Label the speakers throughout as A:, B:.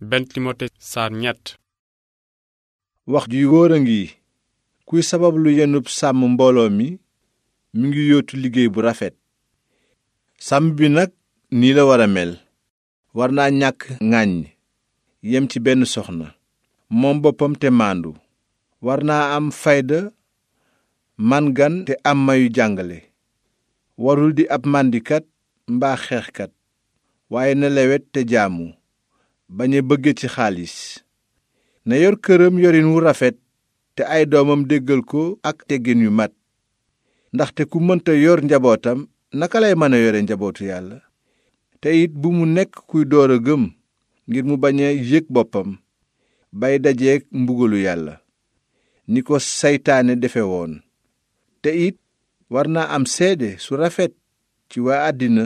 A: benn timote ñett wax ju wóor a ngi kuy sabab lu yenub sàmm mbooloo mi mu ngi yootu liggéey bu rafet sàmm bi nag nii la war a mel war naa ñàkk ŋàññ yem ci benn soxna moom boppam te maandu war naa am fayda man gan te am mayu jàngale warul di ab màndikat mbaa xeexkat waaye na lewet te jaamu bañ a bëgge ci xaalis na yor këram yorin wu rafet te ay doomam déggal ko ak teggin yu mat ndaxte ku mënta yor njabootam naka lay mën a yore njabootu yàlla te it bu mu nekk kuy door a gëm ngir mu bañ a yëg boppam bay dajeek mbugalu yàlla ni ko seytaane defe woon te it war naa am seede su rafet ci waa àddina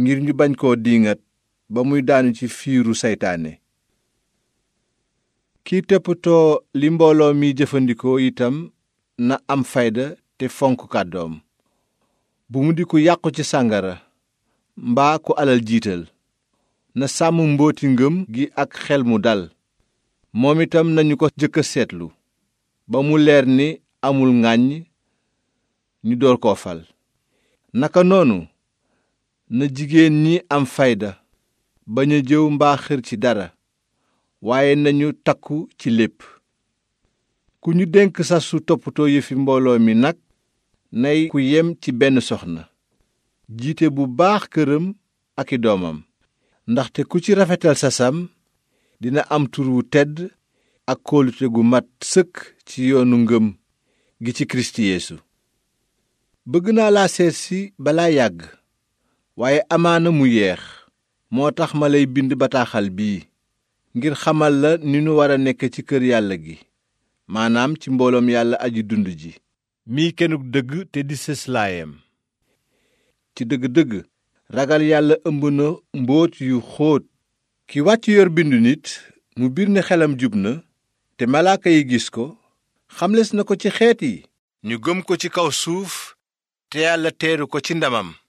A: ngir ñu bañ koo diingat ba muy daanu ci fiiru seytaane kiy toppatoo li mbooloo mi jëfandikoo itam na am fayda te fonk kàddoom bu mu di ku yàqu ci sàngara mbaa ku alal jiital na sàmm mbooti ngëm gi ak xel mu dal moom itam nañu ko jëkk a seetlu ba mu leer ni amul ŋàññ ñu door koo fal naka noonu na jigéen ñi am fayda bañ a jëw mbaa xër ci dara waaye nañu takku ci lépp ku ñu dénk sasu toppatoo yëfi mbooloo mi nag nay ku yem ci benn soxna jiite bu baax këram ak i doomam ndaxte ku ci rafetal sasam dina am tur wu tedd ak kóolute gu mat sëkk ci yoonu ngëm gi ci kirist yeesu bëgg naa laa seet si balaa yàgg waaye amaana mu yeex moo tax ma lay bind bataaxal bii ngir xamal la ni nu war a nekk ci kër yàlla gi maanaam ci mbooloom yàlla aji dund ji mii kenuk dëgg te di sëslaayam ci dëgg-dëgg ragal yàlla ëmb na mbóot yu xóot ki wàcc yor bindu nit mu biir ne xelam jub na te malaaka yi gis ko xamles na ko ci xeet yi ñu gëm ko ci kaw suuf te yàlla teeru ko ci ndamam